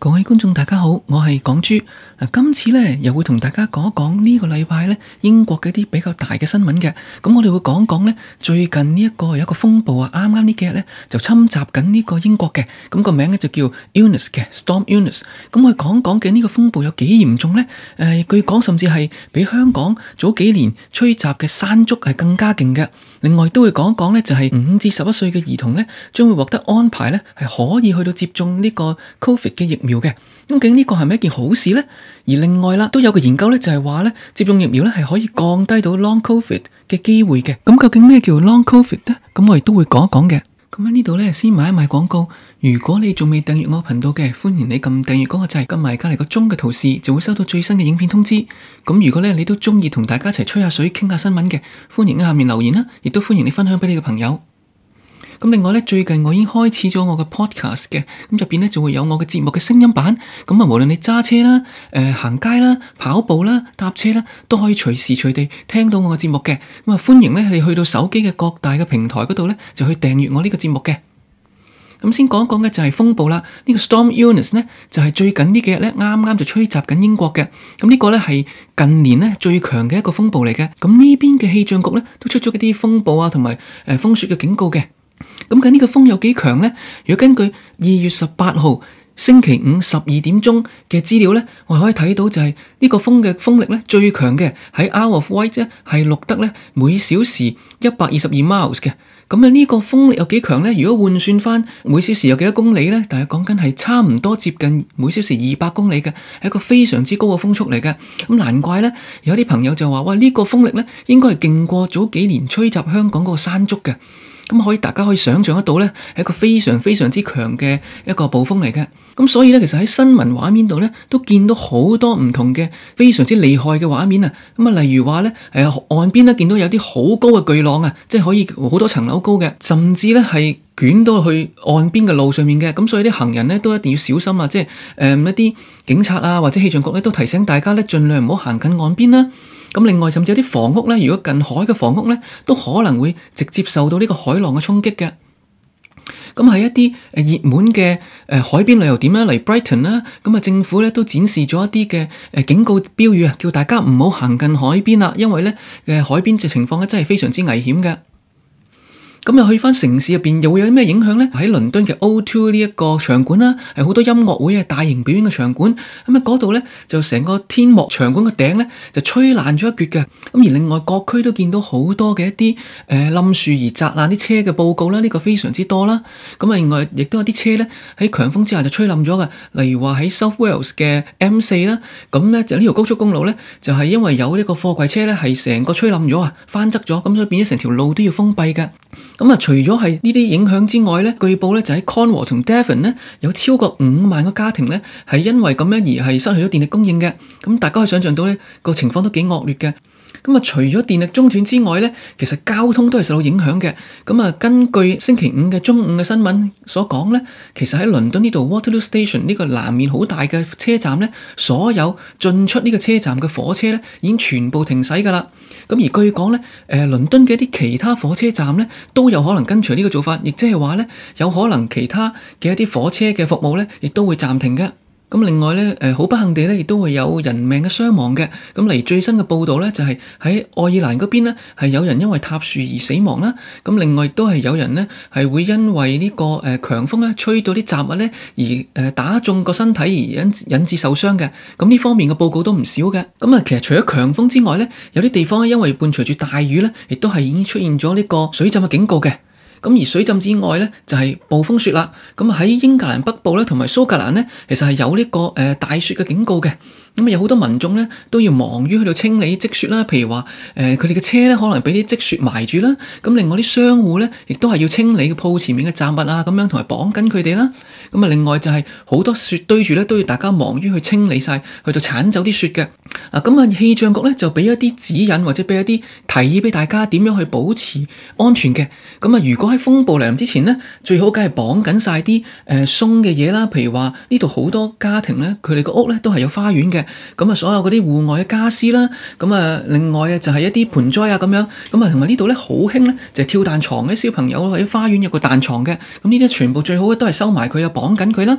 各位觀眾大家好，我係港豬啊。今次呢，又會同大家講一講呢，這個禮拜咧英國嘅一啲比較大嘅新聞嘅。咁、嗯、我哋會講講呢，最近呢一個有一個風暴啊，啱啱呢幾日呢，就侵襲緊呢個英國嘅。咁、嗯、個名呢，就叫 Eunice 嘅 Storm Eunice。咁我講講嘅呢個風暴有幾嚴重呢？誒、呃，據講甚至係比香港早幾年吹襲嘅山竹係更加勁嘅。另外都會講講呢，就係、是、五至十一歲嘅兒童呢，將會獲得安排呢，係可以去到接種呢個 Covid 嘅疫苗。嘅，咁究竟呢個係咪一件好事呢？而另外啦，都有個研究呢，就係話呢，接種疫苗呢，係可以降低到 Long COVID 嘅機會嘅。咁究竟咩叫 Long COVID 呢？咁我亦都會講一講嘅。咁喺呢度呢，先買一買廣告。如果你仲未訂閱我頻道嘅，歡迎你撳訂閱嗰個掣，跟埋隔籬個鐘嘅圖示，就會收到最新嘅影片通知。咁如果咧，你都中意同大家一齊吹下水、傾下新聞嘅，歡迎喺下面留言啦，亦都歡迎你分享俾你嘅朋友。咁另外咧，最近我已經開始咗我嘅 podcast 嘅，咁入邊咧就會有我嘅節目嘅聲音版。咁啊，無論你揸車啦、誒、呃、行街啦、跑步啦、踏車啦，都可以隨時隨地聽到我嘅節目嘅。咁啊，歡迎咧你去到手機嘅各大嘅平台嗰度咧，就去訂閱我呢個節目嘅。咁先講一講咧、這個，就係風暴啦。呢個 Storm Eunice 咧，就係最近呢幾日咧啱啱就吹襲緊英國嘅。咁呢個咧係近年咧最強嘅一個風暴嚟嘅。咁呢邊嘅氣象局咧都出咗一啲風暴啊，同埋誒，風雪嘅警告嘅。咁緊呢個風有幾強呢？如果根據二月十八號星期五十二點鐘嘅資料呢，我可以睇到就係、是、呢、這個風嘅風力呢，最強嘅喺 Isle of Wight 啫，係錄得呢每小時一百二十二 miles 嘅。咁啊呢個風力有幾強呢？如果換算翻每小時有幾多公里呢？大約講緊係差唔多接近每小時二百公里嘅，係一個非常之高嘅風速嚟嘅。咁難怪呢，有啲朋友就話：哇，這、呢個風力呢，應該係勁過早幾年吹襲香港嗰個山竹嘅。咁可以，大家可以想象得到呢係一個非常非常之強嘅一個暴風嚟嘅。咁所以呢，其實喺新聞畫面度呢，都見到好多唔同嘅非常之厲害嘅畫面啊。咁啊，例如話呢，誒岸邊呢見到有啲好高嘅巨浪啊，即係可以好多層樓高嘅，甚至呢係捲到去岸邊嘅路上面嘅。咁所以啲行人呢都一定要小心啊。即係誒、呃、一啲警察啊，或者氣象局呢，都提醒大家呢，儘量唔好行近岸邊啦。咁另外甚至有啲房屋咧，如果近海嘅房屋咧，都可能會直接受到呢個海浪嘅衝擊嘅。咁喺一啲誒熱門嘅誒海邊旅遊點咧嚟 Brighton 啦，咁啊、right、政府咧都展示咗一啲嘅誒警告標語啊，叫大家唔好行近海邊啦，因為咧誒海邊嘅情況咧真係非常之危險嘅。咁又去翻城市入邊，又會有啲咩影響呢？喺倫敦嘅 O2 呢一個場館啦，係好多音樂會啊、大型表演嘅場館，咁喺嗰度呢，就成個天幕場館嘅頂呢，就吹爛咗一橛嘅。咁而另外各區都見到好多嘅一啲誒冧樹而砸爛啲車嘅報告啦，呢個非常之多啦。咁啊，另外亦都有啲車呢，喺強風之下就吹冧咗嘅，例如話喺 South Wales 嘅 M4 啦，咁呢，就呢條高速公路呢，就係因為有呢個貨櫃車呢，係成個吹冧咗啊，翻側咗，咁所以變咗成條路都要封閉嘅。嗯、除咗係呢啲影響之外咧，據報咧就喺、是、康和同 Devon 咧，有超過五萬個家庭咧係因為咁樣而係失去咗電力供應嘅。咁、嗯、大家可以想像到呢個情況都幾惡劣嘅。咁啊，除咗電力中斷之外咧，其實交通都係受到影響嘅。咁啊，根據星期五嘅中午嘅新聞所講咧，其實喺倫敦呢度 Waterloo Station 呢個南面好大嘅車站咧，所有進出呢個車站嘅火車咧已經全部停駛㗎啦。咁而據講咧，誒倫敦嘅一啲其他火車站咧都有可能跟隨呢個做法，亦即係話咧有可能其他嘅一啲火車嘅服務咧亦都會暫停嘅。咁另外咧，誒好不幸地咧，亦都會有人命嘅傷亡嘅。咁嚟最新嘅報道咧，就係喺愛爾蘭嗰邊咧，係有人因為塌樹而死亡啦。咁另外亦都係有人咧，係會因為呢個誒強風咧吹到啲雜物咧而誒打中個身體而引引致受傷嘅。咁呢方面嘅報告都唔少嘅。咁啊，其實除咗強風之外咧，有啲地方咧因為伴隨住大雨咧，亦都係已經出現咗呢個水浸嘅警告嘅。咁而水浸之外咧，就係、是、暴風雪啦。咁喺英格蘭北部咧，同埋蘇格蘭咧，其實係有呢、這個誒、呃、大雪嘅警告嘅。咁有好多民眾咧都要忙於去到清理積雪啦。譬如話，誒佢哋嘅車咧可能俾啲積雪埋住啦。咁另外啲商戶咧，亦都係要清理個鋪前面嘅雜物啊。咁樣同埋綁緊佢哋啦。咁啊，另外就係，好多雪堆住咧，都要大家忙於去清理晒，去到鏟走啲雪嘅。嗱，咁啊，氣象局咧就俾一啲指引或者俾一啲提議俾大家點樣去保持安全嘅。咁啊，如果喺風暴嚟臨之前咧，最好梗係綁緊晒啲誒鬆嘅嘢啦。譬如話，呢度好多家庭咧，佢哋個屋咧都係有花園嘅。咁啊，所有嗰啲戶外嘅家私啦，咁啊，另外啊，就係一啲盆栽啊，咁樣，咁啊，同埋呢度咧好興咧，就係跳彈床嘅小朋友，或者花園有個彈床嘅，咁呢啲全部最好嘅都係收埋佢，有綁緊佢啦。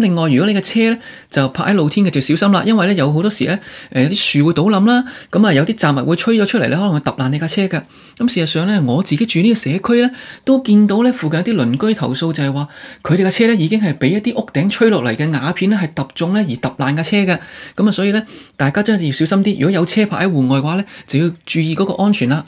另外，如果你嘅車咧就泊喺露天嘅，就小心啦，因為咧有好多時咧，誒啲樹會倒冧啦，咁啊有啲雜物會吹咗出嚟咧，可能會揼爛你架車嘅。咁事實上咧，我自己住呢個社區咧，都見到咧附近有啲鄰居投訴就係話，佢哋架車咧已經係俾一啲屋頂吹落嚟嘅瓦片咧係揼中咧而揼爛架車嘅。咁啊，所以咧大家真係要小心啲，如果有車泊喺戶外嘅話咧，就要注意嗰個安全啦。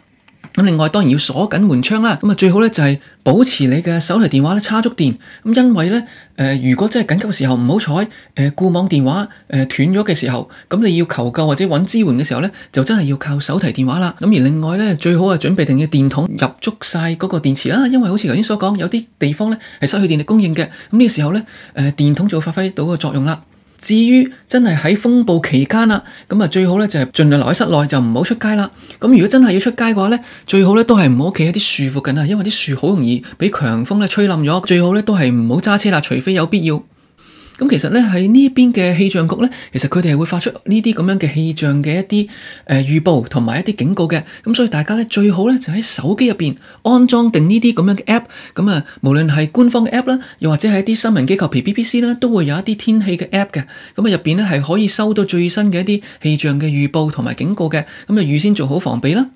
咁另外當然要鎖緊門窗啦，咁啊最好咧就係保持你嘅手提電話咧叉足電，咁因為咧誒、呃、如果真係緊急嘅時候唔好彩誒固網電話誒斷咗嘅時候，咁你要求救或者揾支援嘅時候咧，就真係要靠手提電話啦。咁而另外咧最好啊準備定嘅電筒入足晒嗰個電池啦，因為好似頭先所講，有啲地方咧係失去電力供應嘅，咁呢個時候咧誒、呃、電筒就會發揮到個作用啦。至於真係喺風暴期間啦，咁啊最好咧就係盡量留喺室內，就唔好出街啦。咁如果真係要出街嘅話咧，最好咧都係唔好企喺啲樹附近啊，因為啲樹好容易俾強風咧吹冧咗。最好咧都係唔好揸車啦，除非有必要。咁其實呢，喺呢邊嘅氣象局呢，其實佢哋係會發出呢啲咁樣嘅氣象嘅一啲誒預報同埋一啲警告嘅，咁所以大家呢，最好呢就喺手機入邊安裝定呢啲咁樣嘅 app，咁啊無論係官方嘅 app 啦，又或者係一啲新聞機構譬如 BBC 啦，都會有一啲天氣嘅 app 嘅，咁啊入邊呢係可以收到最新嘅一啲氣象嘅預報同埋警告嘅，咁就預先做好防備啦。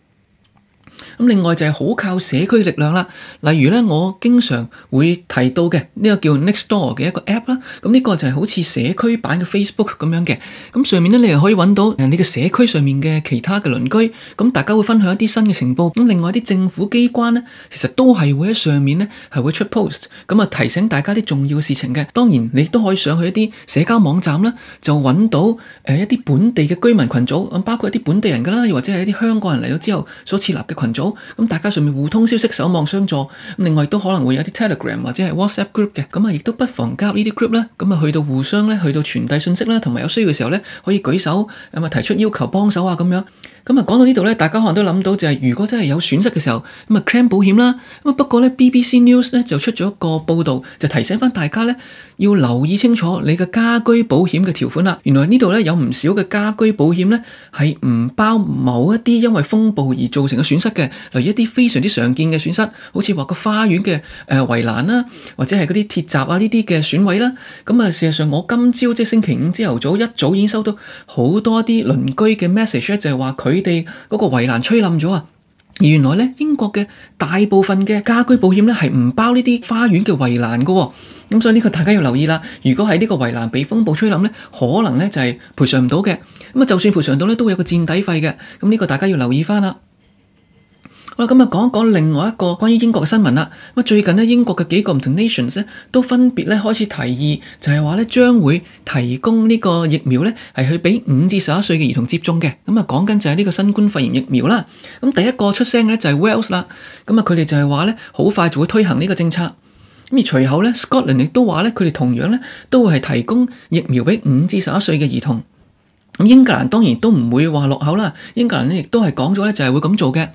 咁另外就係好靠社區力量啦，例如咧我經常會提到嘅呢個叫 Nextdoor 嘅一個 app 啦，咁呢個就係好似社區版嘅 Facebook 咁樣嘅，咁上面咧你又可以揾到誒你嘅社區上面嘅其他嘅鄰居，咁大家會分享一啲新嘅情報，咁另外啲政府機關咧其實都係會喺上面咧係會出 post，咁啊提醒大家啲重要嘅事情嘅，當然你都可以上去一啲社交網站啦，就揾到誒一啲本地嘅居民群組，咁包括一啲本地人噶啦，又或者係一啲香港人嚟咗之後所設立嘅群組。咁大家上面互通消息，守望相助。另外都可能會有啲 Telegram 或者係 WhatsApp group 嘅，咁啊亦都不妨加入呢啲 group 啦。咁啊去到互相咧，去到傳遞信息啦，同埋有需要嘅時候咧，可以舉手咁啊提出要求幫手啊咁樣。咁啊，講到呢度咧，大家可能都諗到就係、是、如果真係有損失嘅時候，咁啊，claim 保險啦。咁啊，不過呢 BBC News 咧就出咗個報導，就提醒翻大家呢要留意清楚你嘅家居保險嘅條款啦。原來呢度呢，有唔少嘅家居保險呢，係唔包某一啲因為風暴而造成嘅損失嘅，例如一啲非常之常見嘅損失，好似話個花園嘅誒圍欄啦，或者係嗰啲鐵閘啊呢啲嘅損毀啦。咁、嗯、啊，事實上我今朝即係星期五朝頭早一早已經收到好多啲鄰居嘅 message 就係、是、話佢哋嗰個圍欄吹冧咗啊！原來咧英國嘅大部分嘅家居保險咧係唔包呢啲花園嘅圍欄噶哦，咁所以呢個大家要留意啦。如果喺呢個圍欄被風暴吹冧咧，可能咧就係賠償唔到嘅。咁啊，就算賠償到咧，都會有個墊底費嘅。咁呢個大家要留意翻啦。咁啊，講一講另外一個關於英國嘅新聞啦。咁最近咧，英國嘅幾個唔同 nations 咧都分別咧開始提議，就係話咧將會提供呢個疫苗咧係去俾五至十一歲嘅兒童接種嘅。咁啊，講緊就係呢個新冠肺炎疫苗啦。咁第一個出聲嘅咧就係 Wales 啦。咁啊，佢哋就係話咧好快就會推行呢個政策。咁而隨後咧，Scotland 亦都話咧，佢哋同樣咧都會係提供疫苗俾五至十一歲嘅兒童。咁英格蘭當然都唔會話落後啦。英格蘭咧亦都係講咗咧就係會咁做嘅。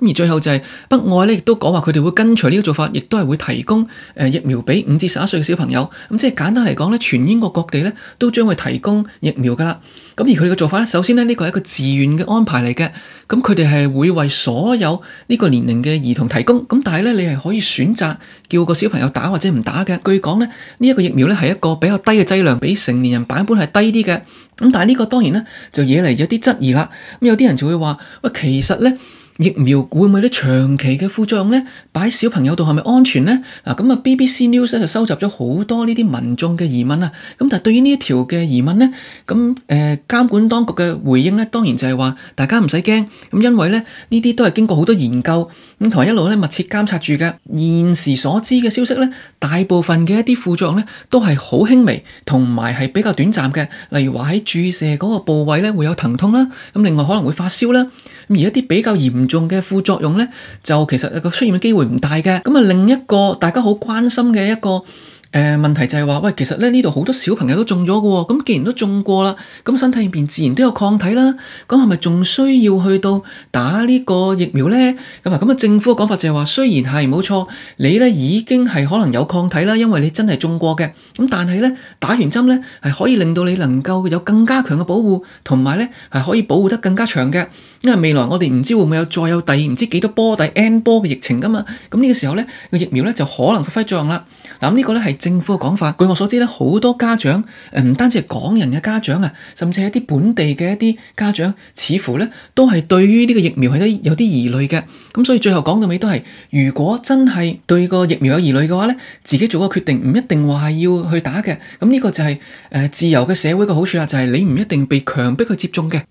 咁而最後就係北愛咧，亦都講話佢哋會跟隨呢個做法，亦都係會提供誒疫苗俾五至十一歲嘅小朋友。咁、嗯、即係簡單嚟講咧，全英國各地咧都將會提供疫苗㗎喇。咁而佢哋嘅做法咧，首先咧呢個係一個自願嘅安排嚟嘅。咁佢哋係會為所有呢個年齡嘅兒童提供。咁但係咧，你係可以選擇叫個小朋友打或者唔打嘅。據講咧，呢、這、一個疫苗咧係一個比較低嘅劑量，比成年人版本係低啲嘅。咁但係呢個當然咧就惹嚟有啲質疑啦。咁、嗯、有啲人就會話：喂，其實咧。疫苗會唔會有啲長期嘅副作用呢？擺小朋友度係咪安全呢？嗱咁啊，BBC News 咧就收集咗好多呢啲民眾嘅疑問啊。咁但係對於呢一條嘅疑問呢，咁誒、呃、監管當局嘅回應呢，當然就係話大家唔使驚，咁因為咧呢啲都係經過好多研究。咁同一路咧密切監察住嘅，現時所知嘅消息咧，大部分嘅一啲副作用咧都係好輕微，同埋係比較短暫嘅。例如話喺注射嗰個部位咧會有疼痛啦，咁另外可能會發燒啦。咁而一啲比較嚴重嘅副作用咧，就其實個出現嘅機會唔大嘅。咁啊，另一個大家好關心嘅一個。誒、呃、問題就係話，喂，其實咧呢度好多小朋友都中咗嘅喎，咁既然都中過啦，咁身體入邊自然都有抗體啦，咁係咪仲需要去到打呢個疫苗咧？咁啊，咁啊，政府嘅講法就係話，雖然係冇錯，你咧已經係可能有抗體啦，因為你真係中過嘅，咁但係咧打完針咧係可以令到你能夠有更加強嘅保護，同埋咧係可以保護得更加長嘅。因為未來我哋唔知會唔會有再有第二唔知幾多波第 N 波嘅疫情噶嘛，咁、這、呢個時候呢，個疫苗呢就可能發揮作用啦。嗱咁呢個呢係政府嘅講法。據我所知呢，好多家長誒唔單止係港人嘅家長啊，甚至係一啲本地嘅一啲家長，似乎呢都係對於呢個疫苗係有啲疑慮嘅。咁、嗯、所以最後講到尾都係，如果真係對個疫苗有疑慮嘅話呢，自己做個決定，唔一定話係要去打嘅。咁、嗯、呢、這個就係、是、誒、呃、自由嘅社會嘅好處啦，就係、是、你唔一定被強迫去接種嘅。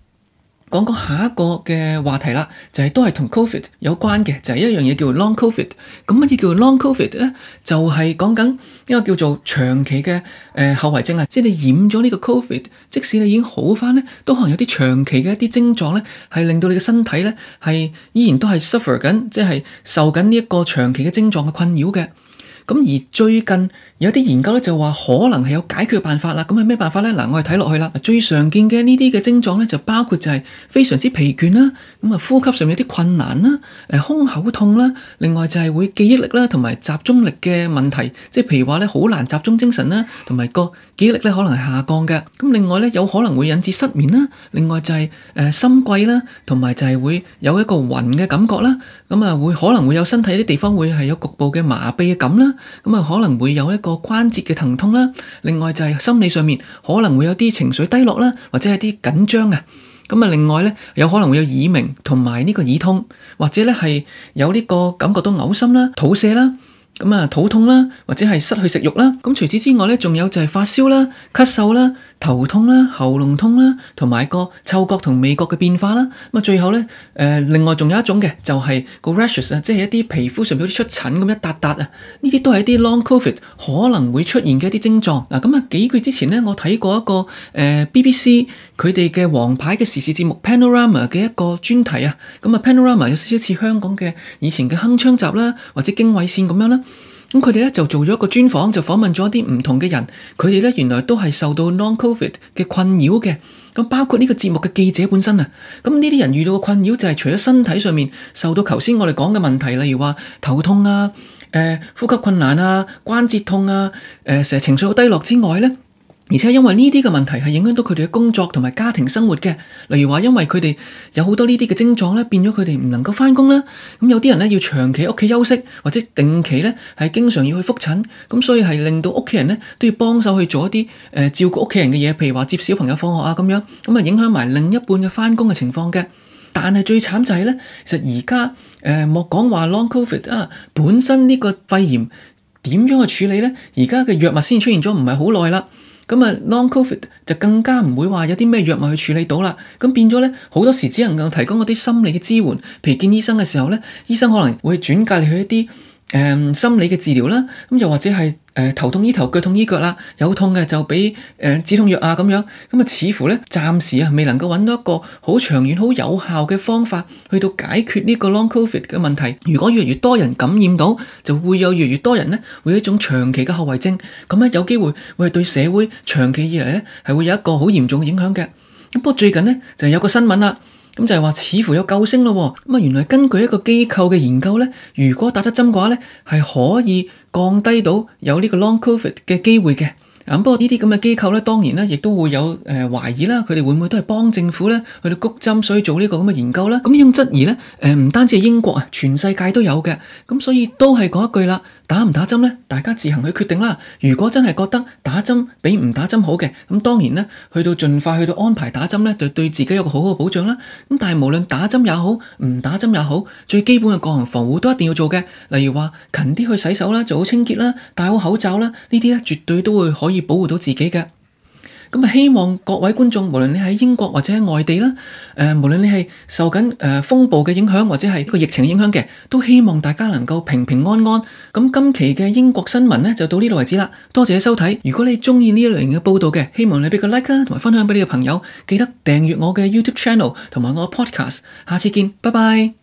講講下一個嘅話題啦，就係都係同 Covid 有關嘅，就係一樣嘢叫做 Long Covid。咁乜嘢叫做 Long Covid 咧？就係講緊一個叫做長期嘅誒後遺症啊！即係你染咗呢個 Covid，即使你已經好返咧，都可能有啲長期嘅一啲症狀咧，係令到你嘅身體咧係依然都係 suffer 緊，即係受緊呢一個長期嘅症狀嘅困擾嘅。咁而最近有啲研究咧就話可能係有解決嘅辦法啦。咁係咩辦法咧？嗱，我哋睇落去啦。最常見嘅呢啲嘅症狀咧就包括就係非常之疲倦啦，咁啊呼吸上面有啲困難啦，誒胸口痛啦，另外就係會記憶力啦，同埋集中力嘅問題，即係譬如話咧好難集中精神啦，同埋個記憶力咧可能係下降嘅。咁另外咧有可能會引致失眠啦，另外就係誒心悸啦，同埋就係會有一個暈嘅感覺啦。咁啊會可能會有身體啲地方會係有局部嘅麻痹嘅感啦。咁啊，可能會有一個關節嘅疼痛啦，另外就係心理上面可能會有啲情緒低落啦，或者係啲緊張啊。咁啊，另外咧，有可能會有耳鳴同埋呢個耳痛，或者咧係有呢個感覺到嘔心啦、肚瀉啦，咁啊、肚痛啦，或者係失去食慾啦。咁除此之外咧，仲有就係發燒啦、咳嗽啦。頭痛啦、啊、喉嚨痛啦、啊，同埋個嗅覺同味覺嘅變化啦。咁啊，最後咧，誒、呃，另外仲有一種嘅，就係、是、個 rashes 啊，即係一啲皮膚上面有啲出疹咁一笪笪啊。呢啲都係一啲 long covid 可能會出現嘅一啲症狀。嗱，咁啊，幾個月之前咧，我睇過一個誒、呃、BBC 佢哋嘅王牌嘅時事節目 Panorama 嘅一個專題啊。咁、嗯、啊，Panorama 有少少似香港嘅以前嘅鏗鏘集啦，或者經緯線咁樣啦。咁佢哋咧就做咗一個專訪，就訪問咗一啲唔同嘅人，佢哋咧原來都係受到 non-covid 嘅困擾嘅。咁包括呢個節目嘅記者本身啊，咁呢啲人遇到嘅困擾就係除咗身體上面受到頭先我哋講嘅問題，例如話頭痛啊、誒、呃、呼吸困難啊、關節痛啊、誒成日情緒好低落之外咧。而且因為呢啲嘅問題係影響到佢哋嘅工作同埋家庭生活嘅，例如話因為佢哋有好多呢啲嘅症狀咧，變咗佢哋唔能夠返工啦。咁有啲人咧要長期喺屋企休息，或者定期咧係經常要去覆診，咁所以係令到屋企人咧都要幫手去做一啲誒、呃、照顧屋企人嘅嘢，譬如話接小朋友放學啊咁樣，咁、嗯、啊影響埋另一半嘅返工嘅情況嘅。但係最慘就係咧，其實而家誒莫講話 Long COVID 啊，本身呢個肺炎點樣去處理咧？而家嘅藥物先出現咗唔係好耐啦。咁啊，Long Covid 就更加唔會話有啲咩藥物去處理到啦。咁變咗咧，好多時只能夠提供嗰啲心理嘅支援。譬如見醫生嘅時候咧，醫生可能會轉介你去一啲誒、嗯、心理嘅治療啦，咁又或者係誒、呃、頭痛醫頭腳痛醫腳啦，有痛嘅就畀誒、呃、止痛藥啊咁樣，咁、嗯、啊似乎咧暫時啊未能夠揾到一個好長遠好有效嘅方法去到解決呢個 Long COVID 嘅問題。如果越嚟越多人感染到，就會有越嚟越多人咧會有一種長期嘅後遺症，咁咧有機會會係對社會長期以嚟咧係會有一個好嚴重嘅影響嘅。咁不過最近咧就有個新聞啦。咁就係話，似乎有救星咯喎！咁原來根據一個機構嘅研究呢，如果打得針嘅話呢，係可以降低到有呢個 long covid 嘅機會嘅。不過呢啲咁嘅機構咧，當然咧亦都會有誒懷疑啦，佢哋會唔會都係幫政府咧去到谷針，所以做呢個咁嘅研究咧？咁呢種質疑咧，誒、呃、唔單止係英國啊，全世界都有嘅。咁所以都係講一句啦，打唔打針咧，大家自行去決定啦。如果真係覺得打針比唔打針好嘅，咁當然咧，去到盡快去到安排打針咧，就對，對自己有個好好嘅保障啦。咁但係無論打針也好，唔打針也好，最基本嘅個人防護都一定要做嘅。例如話勤啲去洗手啦，做好清潔啦，戴好口罩啦，呢啲咧絕對都會可以。保護到自己嘅，咁啊希望各位觀眾，無論你喺英國或者喺外地啦，誒、呃，無論你係受緊誒、呃、風暴嘅影響，或者係個疫情影響嘅，都希望大家能夠平平安安。咁、嗯、今期嘅英國新聞咧就到呢度為止啦。多謝收睇，如果你中意呢一類型嘅報道嘅，希望你俾個 like 啦，啊，同埋分享俾你嘅朋友，記得訂閱我嘅 YouTube Channel 同埋我 Podcast。下次見，拜拜。